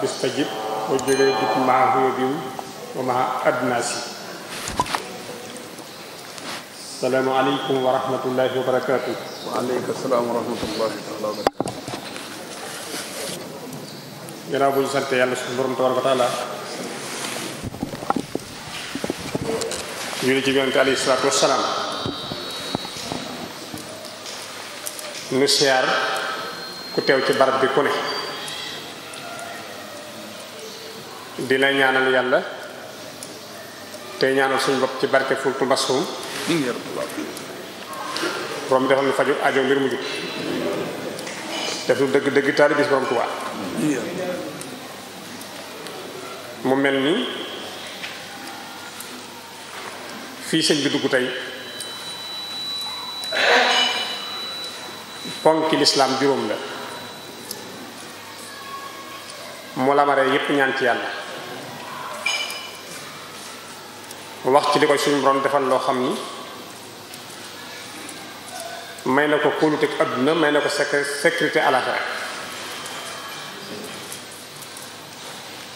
bistajib boo jógee dugg maa huwa biw wa maa adnaasi salaamaaleykum wa rahmatullahi wa barakaatu. waaleykum salaam wa rahmatullahi taala wa barakaatu. gannaaw bu ñu sant yàlla suñu borom tabaraka taala. julli ci yonent alayhi nu siyaar ku teew ci barab bi ku ne. dina ñaanal yàlla tey ñaanal suñu bopp ci barke fultu mbasum borom defal nu faju ajo mbir mu jub def nu dëgg dëgg taali bis borom Tuubaa mu mel ni fii sëñ bi dugg tey ponki lislaam juróom la moo mu lamaree yépp ñaan ci yàlla wax ci li koy suñu borom defal loo xam ni may na ko kóolute adduna may na ko sécurité àlaxira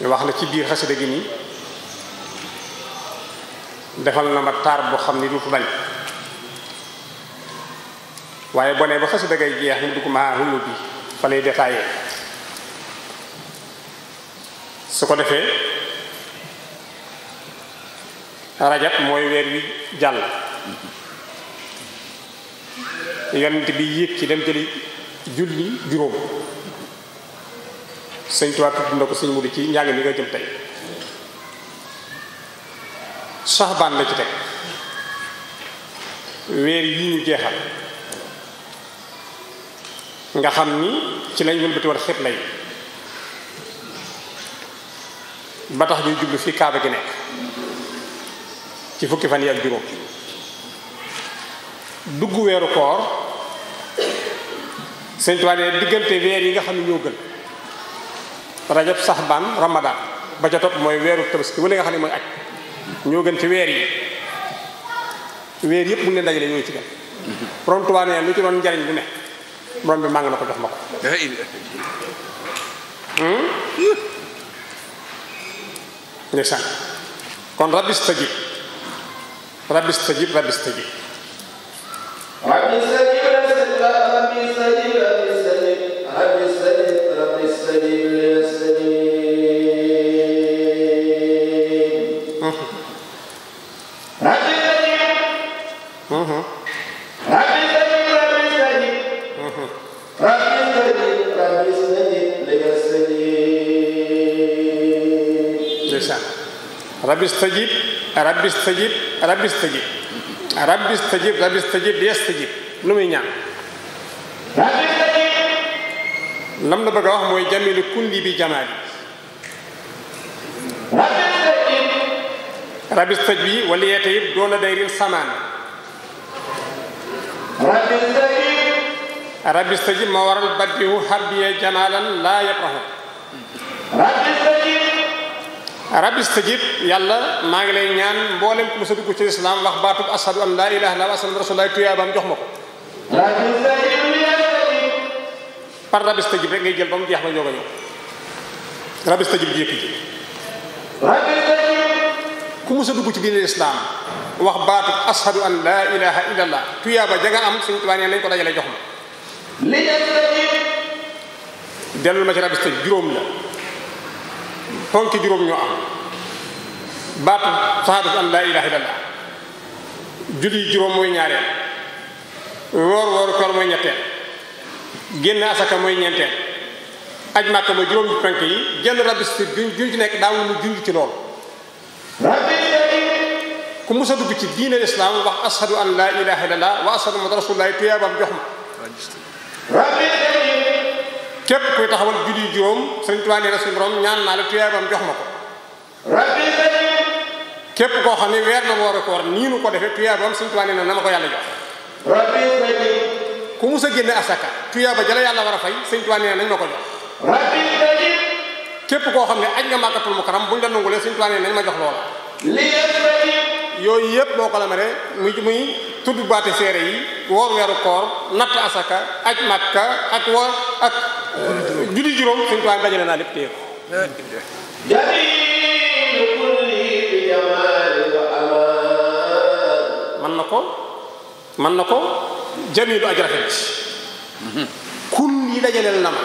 ñu wax na ci biir xasida gi nii defal na ma taar boo xam ni du ko bañ waaye bone ba xasida gay jeex mu dugg maa humu bi fa lay su ko defee rajab mooy weer wi jàll yonent bi yéeg ci dem jëli julli juróom sëñ Tuubaa tudd na ko sëñ Mudu ci njàng mi nga jëm tey saxbaan la ci teg weer yi ñu jeexal nga xam ni ci lañ wëlbati war xet lay ba tax ñuy jublu fii kaaba gi nekk ci fukki fan yak ak juróom dugg weeru koor sëñ Tuubaa ne diggante yi nga xamni ñoo gën rajab sahban ramadan ba ca topp mooy weeru tabaski wala nga xamni moy acc ñoo gën ci weer yi weer yépp mu ngi dajale ñoo ci gën borom Tuubaa lu ci doon lu né borom bi na ko jox hmm kon rabbi رب استجيب رب استجيب رب استجيب رب استجيب رب استجيب رب استجيب رب استجيب رب استجيب Rabbi Stajib rabbi istajib rabbi istajib rabbi istajib rabbi istajib yastajib lu muy ñaan lam la bëgg a wax mooy jamilu kulli bi jamaali rabbi istajib wala yeete yëpp doona dayrin samaan rabbi istajib ma waral baddihu habbiye jamaalan laa yabrahu rabbi stajib yàlla maa ngi lay ñaan mboolem ku mësa dugg ci lislaam wax baatub ashadu an laa ilaha illallah wa sallam rasulullahi tuyaabaam jox ma ko par rabbi stajib rek ngay jël ba mu jeex ma ñoo ko ñëw rabbi stajib ku mësa dugg ci diine lislaam wax baatub ashadu an laa ilaha illallah tuyaaba ja nga am suñu tubaa neen lañ ko dajale jox ma dellu ma ci rabbi stajib juróom la ponk juróom ñoo am baatu saxaadatu an laa ilaaha illallah julli juróom mooy ñaareel woor wooru koor mooy ñetteel génn asaka mooy ñeenteel aj màkka mooy juróom yu ponk yi jënd rabis fi juñ juñ ci nekk daawul mu junj ci loolu ku musa dugg ci diine lislaam wax ashadu an laa ilaaha illallah wa ashadu muhammad rasulullah tuyaabam jox ma képp kuy taxawal julli juróom sëriñ Tuubaa nee na suñu borom ñaan naa la tuyaabam jox ma ko rabbi képp koo xam ne weer la war ko defee tuyaabam sëriñ Tuubaa na na ko yàlla jox rabbi ku mus a génne asaka tuyaaba jala war a fay sëriñ Tuubaa nee nañ ma ko jox rabbi képp koo xam ne aj nga màkkatul mu kanam buñ la nangulee sëriñ Tuubaa nee nañ ma jox loola yooyu yëpp boo ko la mere muy tudd baati seere yi woor weeru koor natt asaka aj màkka ak woor ak julli juróom suñ tubaab dajale naa lépp téye ko man na ko man na ko jamilu aj rafet kun yi dajaleel na ma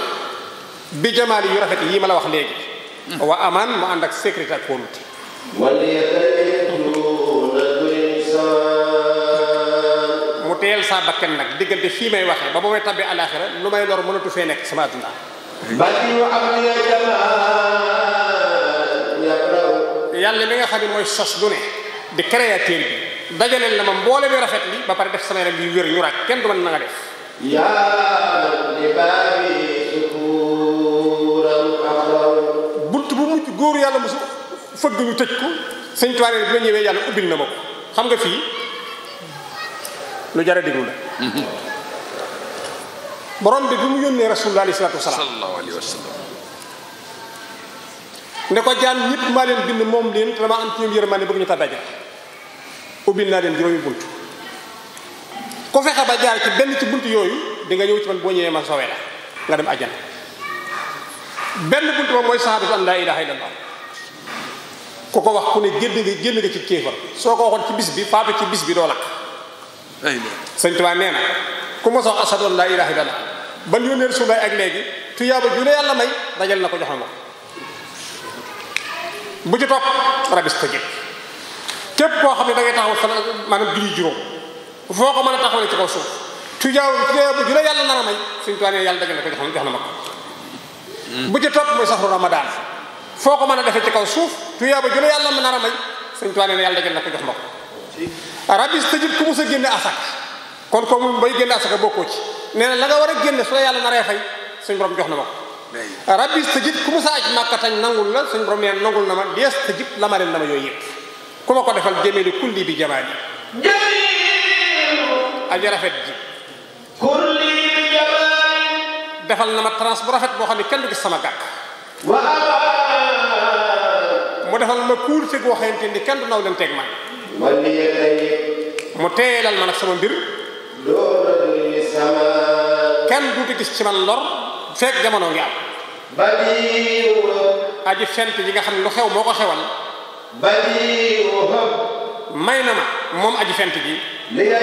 bi jamaali yu rafet yi ma la wax léegi wa amaan mu ànd ak sécurité ak kóolute saa bakkan nag diggante fii may waxee ba ba may tabbi alaxira lu may lor mënatu fee nekk sama adduna ba ci ñu am ne jamaa yàlla mi nga xam ne mooy sos du ne di créateur bi dajaleel na ma mboole bi rafet li ba pare def sama yaram bi wér ñu raaj kenn du mën na nga def yaa li baabi sukuuram axlaw bunt bu mujj góoru yàlla mosu fëgg ñu tëj ko sëñ tuwaaree bi ma ñëwee yàlla ubbil na ma ko xam nga fii lu jare deglu la borom bi bi mu yónnee rasulullah sallallahu alaihi wasallam ne ko jaan ñëpp ma leen bind mom leen dama am tim ñoom yërmande bëgg ñu ta daje ubbil na leen juróomi buntu ko fexe ba jaar ci benn ci buntu yooyu di nga ñëw ci man bo ñëwee ma sowee la nga dem aljana benn buntu mooy sahabu an la ilaha illallah ku ko wax ku ne génn nga génn nga ci kéefar soo ko waxoon ci bis bi faatu ci bis bi doo lakk sëñ Tuubaa nee na ku mos wax ashadu an laa ilaaha illallaah ba yónnee Rasulullaah ak léegi tuyaaba ju la yàlla may dajal na ko jox na ko bu ci topp ko jëkk képp koo xam ne da ngay taxaw fan maanaam julli juróom foo ko mën a taxaw ne ci kaw suuf tuyaaba tuyaaba ju la yàlla nar a may sëñ Tuubaa nee yàlla dajal na ko jox na ma ko bu ci topp mooy saxru ramadaan foo ko man a defee ci kaw suuf tuyaaba ju la yàlla nar a may sëñ Tuubaa nee na yàlla dajal na ko jox na rabis tëjib ku mus a génne asak kon ko moom bay génne asaka bokkoo ci nee na la war a génne su la yàlla naree fay suñ borom jox na ma ko rabis tëjib ku mus a aj màkka nangul la suñ borom neen nangul na ma dees tëjib la ma leen na ma yooyu yëpp ku ma ko defal jémee ni lii bi jamaali aji rafet ji kulli bi jamaali defal na ma trans bu rafet boo xam ne kenn du gis sama gàkk mu defal ma kuur ci goo xamante ni kenn du naw leen teeg man wali yadayhi mu teelal ma nag sama mbir doonali sama kenn duuti gis ci man lor fekk jamono ngi am badiu aji fent ji nga xam ne lu xew moo ko xewal badiu may na ma moom aji fent ji li nga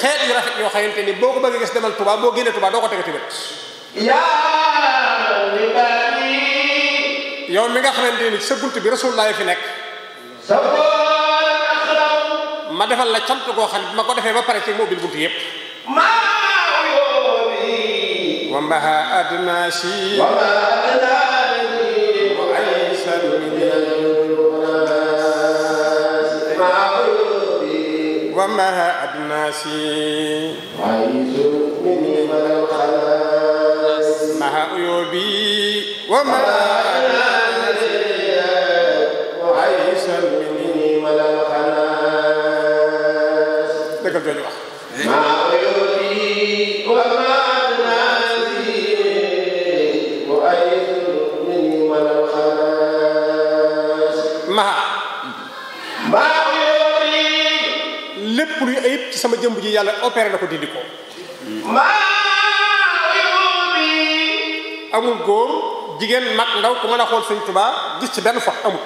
xeet yu rafet yoo xamante ni boo ko bëggee gis demal Touba boo génnee Touba doo ko tegati bët yaa yow mi nga xamante ni sa bunt bi rasulullah fi nekk ma defal la cant goo xam ne bi ma ko defee ba pare ci moo bil buntu yépp wa maha adna si wa ma adna wa ay salmi wa maha adna si maha uyobi wa ma adna jëkkër jooju wax. lépp luy ayib sama jëmb ji yàlla na ko dindi ko. amul góor jigéen mag ndaw ku mën a xool sëñ Tuubaa gis ci benn fox amul.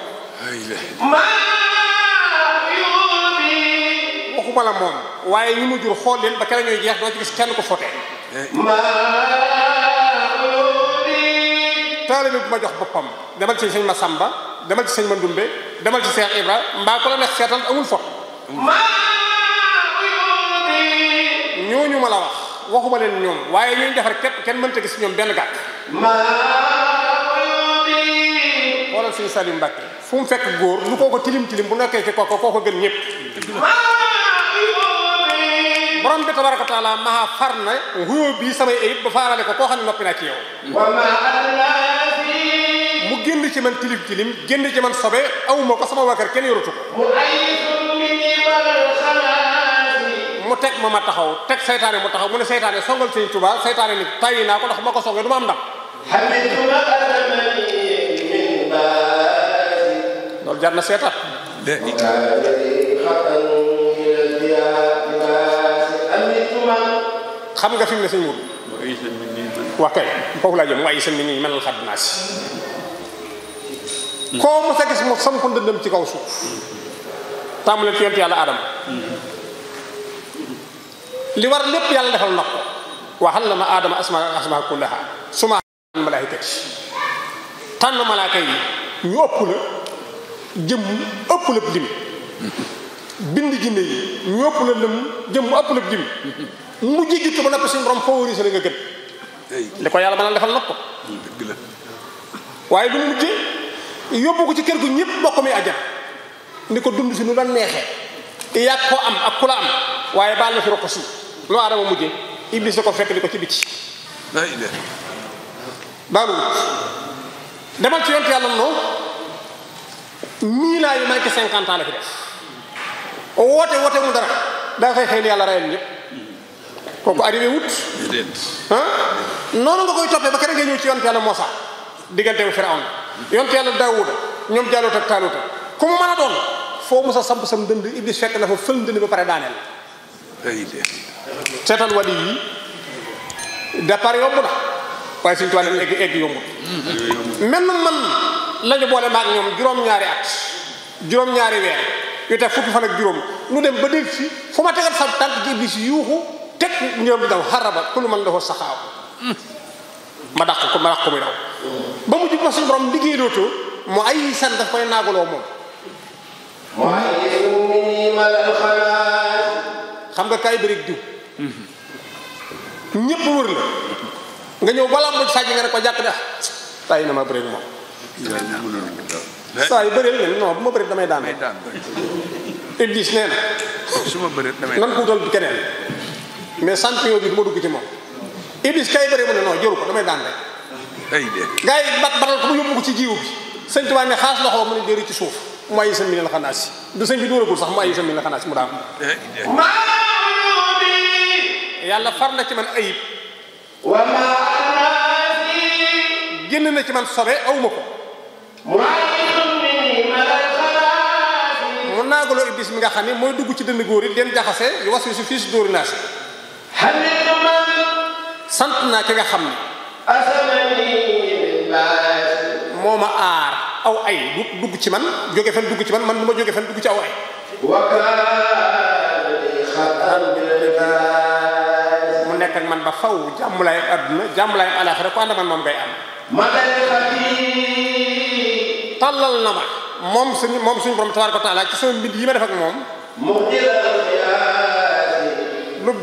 waxuma la moom. waaye ñu mu jur xool leen ba keneen ñooy jeex doo ci gis kenn ko fote taalibe bu ma jox boppam demal ci sëñ Masamba demal ci sëñ Mandumbe demal ci Cheikh Ibra mbaa ko la neex seetal amul fot ñooñu ma la wax waxuma leen ñoom waaye ñooñu defar képp kenn mënta gis ñoom benn gàtt xoolal sëñ Salim Mbàkke fu mu fekk góor lu koo ko tilim tilim bu nekkee ci kooku ko gën ñëpp borom bi tabaraka wa taala maa far na samay ayib ba faarale ko koo xam ne noppi naa ci yow mu génn ci man tilib tilim génn ci man sobe awuma ko sama waa kër kenn yorutu ko mu teg ma ma taxaw teg seytaane mu taxaw mu ne seytaane songal sëñ Tuubaa seytaane ni tàyyi naa ko ndax ma ko songee du ma am ndam loolu jar na seetaat xam nga fi mu ne sëñ Mourou. wax kay foofu laa jëm mu ci kaw suuf tàmbale lépp yàlla defal na ko ma Adama asma asma kullaha tànn malaaka ëpp la jëm bind jinne yi ñu ëpp la lëm jëm ëpp la lim mujj jut ba noppi suñu borom favorisé la nga gën li ko yàlla ba a defal nag ko waaye du mujje yóbbu ko ci kër gu ñëpp bokk mi ajal ni ko dund si nu la neexee yàgg ko am ak ku la am waaye baal na fi rokk si lu aadama mujje iblis da ko fekk di ko ci biti baalu demal ci yont yàlla noonu miinaa yu manqué cinquante ans la fi def woote woote mu dara da nga fay xëy ni yàlla rayal ñëpp kooku arrivé wut. ah noonu nga koy toppee ba keneen ko ñëw ci yonent yàlla Moussa diggante wu Firawna yonent yàlla Daawuda ñoom Jaaluut ak Taaluut ku mu mën a doon foo Moussa samp sam dënd Iblis fekk la fa fël dënd ba pare daaneel. seetal wàll yi départ yomb na waaye suñu toile egg egg yombut. menn man lañu boole maag ñoom juróom at juróom-ñaari weer yu teg fukki fan juróom lu dem ba dégg si fu ma tegal sa tànk ci Iblis yuuxu. tek ñoom daw haraba kul man lahu sahaw ma dakk ko ma dakk muy daw ba mu jikko sun borom liggéey doto mo ay san daf koy naagaloo moom xam nga kay brik diw ñepp wër la nga ñew wala mu sàjj nga ko jakk def ah, tay na ma brik moom saa yu bëril no bu ma damay daan iblis nee na su damay nan ko dol kenen mais champion bi du ma dugg ci moom Iblis kay bëri mu ne non jëru ko damay daan rek. ay de gars yi bat batal ko mu yóbbu ko ci jiwu bi sëñ Tuubaa ne xaas loxo mu ne déri ci suuf mu ay sëñ bi ne xanaa si du sëñ bi sax mu ay sëñ bi ne la xanaa si mu daan. yàlla far na ci man ayib. génn na ci man sobe awuma ko. mun naa golo Iblis mi nga xam ne mooy dugg ci dënd góor leen den jaxase yu was yu si fii si dóori naa si xamidu man sant naa ki nga xam ne asamani moo ma aar aw ay dugg ci man jóge fen dugg ci man man du ma jóge fen dugg ci aw ay mu nekk man ba faw jàmm laay àdduna jàmm laay alaaxira ko ànd man moom ngay am tàllal na ma moom suñu moom suñu borom tabaaraka wa ci sama mbind yi ma def ak moom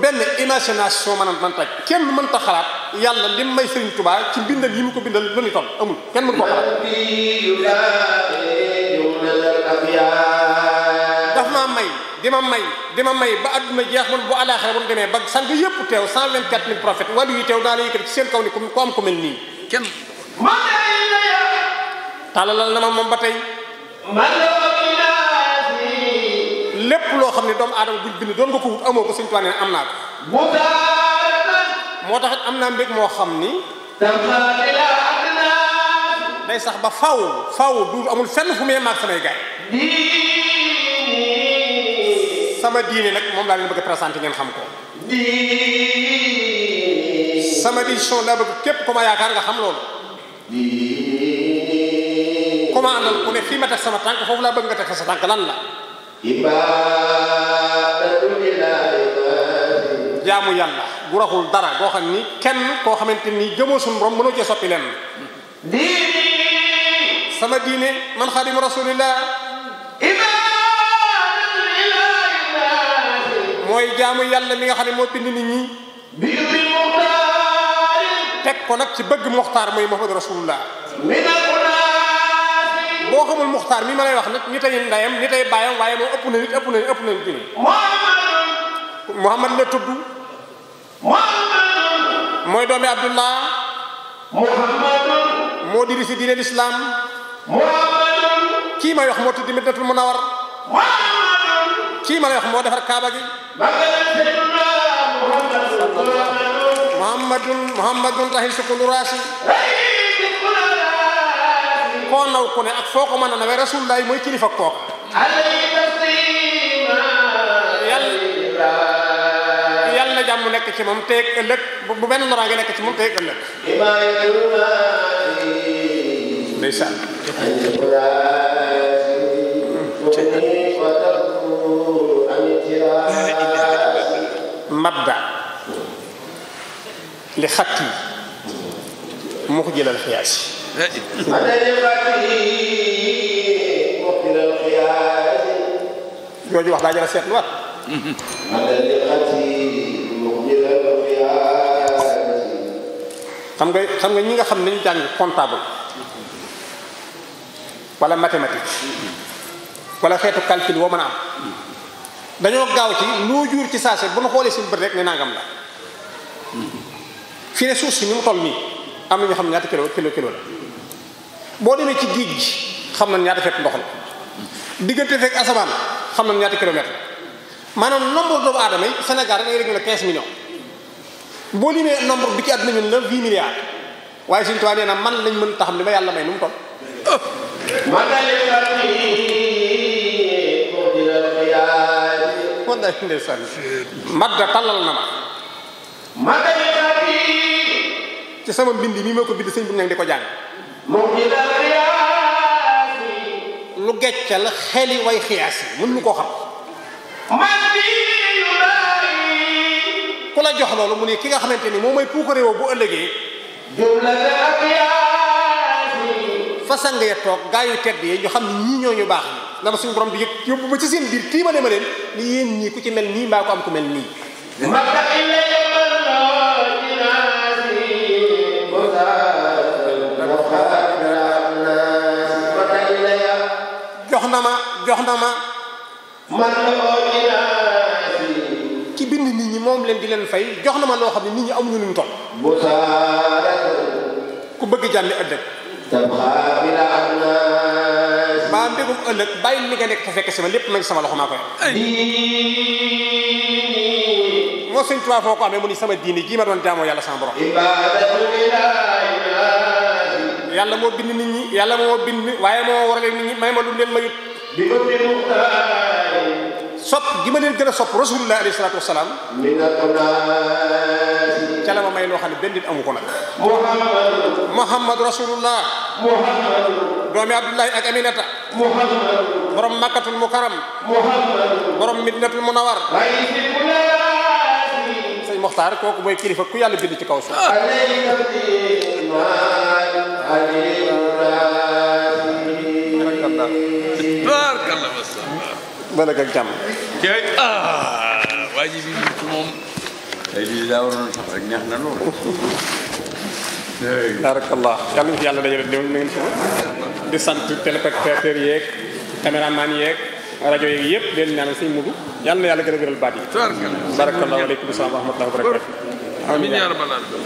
benn imagination maanaam mënta kenn mënta xalaat yàlla li may Sëriñ Tuubaa ci mbindal yi mu ko bindal lu ni toll amul kenn mën koo xalaat daf maa may dima may dima may ba àdduna jeex man bo àllaaxira bu nu demee ba sang yëpp teew 124000 prophètes wàllu yi teew daa la yëkkati ci seen kaw ni ku am ko mel nii kenn. tàllalal na ma moom ba tey. lépp loo xam ne doomu aadama buñ bind doon nga ko amoo ko Sëñ Tuubaa nee am naa ko moo tax am naa mbég moo xam ni day sax ba faw faw du amul fenn fu muy maag samay gaay sama diine nag moom laa leen bëgg a présenté ngeen xam ko sama vision laa bëgg képp ku ma yaakaar nga xam loolu ku ma àndal ku ne fii ma teg sama tànk foofu laa bëgg nga teg fa sa tànk lan la jaamu yàlla bu raxul dara boo xam ni kenn koo xamante ni jëmoo suñu borom mënoo cee soppi lenn diini sama diine man xaadimu rasulillah mooy jaamu yàlla mi nga xam ne moo bind nit ñi teg ko nag ci bëgg muxtaar mooy Muhammad rasulullah boo xamul muxtaar mi ma lay wax nag ni tay ndayam ni tay bàyyam waaye moom ëpp na nit ëpp ëpp na nit junni muhammad la tudd mooy doomi abdullah moo dirisi diine lislaam kii may wax moo tudd kii ma lay wax moo defar kaaba gi muhammadun muhammadun rahi sukul raasi koo naw ku ne ak foo ko mën a nawee rasulullaay mooy kilifa kooka yàlla na jàmm nekk ci moom teeg ëllëg bu benn noraange nekk ci moom teeg ëllëg ndeysaan مبدع لختم مخجل القياس jooju wax daa jar a seetluwaat. xam nga xam nga ñi nga xam ne dañu jàng comptable wala mathématique wala xeetu calcul woo mën a am dañoo gaaw ci loo jur ci saase bu nu xoolee suñu bët rek ne nangam la fi ne suuf si ni mu toll nii. am na ñoo xam ne ñaata kilo kilo kilo la boo demee ci géej gi xam na ñaata fekk ndox la diggante fekk asamaan xam na ñaata kilomètre la maanaam nombre doomu aadama yi Sénégal rek rek ñu ne 15 millions boo limee nombre bi ci at ñun la 8 milliards waaye suñu tubaab nee na man lañ mën tax li ma yàlla may nu mu toll. madda sama mbind mii moo ko bind sëñ bi nag di ko jàng lu geccal xeli way xiyaas yi mën nu koo xam ku la jox loolu mu ne ki nga xamante ni moom mooy puukare bu ëllëgee fa sang ya toog gaa yu tedd yi ñu xam ne ñii ñoo ñu baax ni dama suñu borom di yëg yóbbu ba ci seen biir tiimale ma leen ni yéen ñii ku ci mel nii mbaa ko am ku mel nii jox na ma jox na ma man ki bind nit ñi moom leen di leen fay jox na ma loo xam ne nit ñi amuñu lu mu toll ku bëgg jàmmi ëllëg baa mbégum ëllëg bàyyi li nga nekk te fekk si ma lépp ma ngi sama loxo maa koy moo sëñ Tuubaa foo ko amee mu ni sama diini jii ma doon jaamoo yàlla sama borom yàlla moo bind ni ñi yàlla moo bind waaye moo warale nit ñi may ma lu leen mayut bi ma gi ma gën a sopp rasulullah alayhi salaatu wasalaam ca la ma may loo xam ne benn nit amu ko nag muhammad rasulullah doomi abdullahi ak aminata muhammad borom makkatul mukarram muhammad borom midinatul Moxtaar kooku mooy kilifa ku yàlla bind ci kaw suuf balak ak jàmm waa ji bi ci moom tey lii daa waroon sax rek neex na loolu barakallah yàlla ñu fi yàlla dajale di sant téléspectateurs yeeg caméraman yeeg rajo yeeg yëpp leen ñaanal sëñ Mudu yal na yàlla gën a gëral baat yi barakallahu aleykum salaam wa rahmatullahi wa barakatu amiin yaa rabbal aalamiin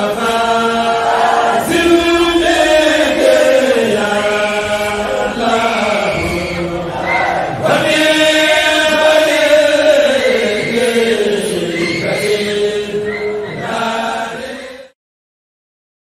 jëf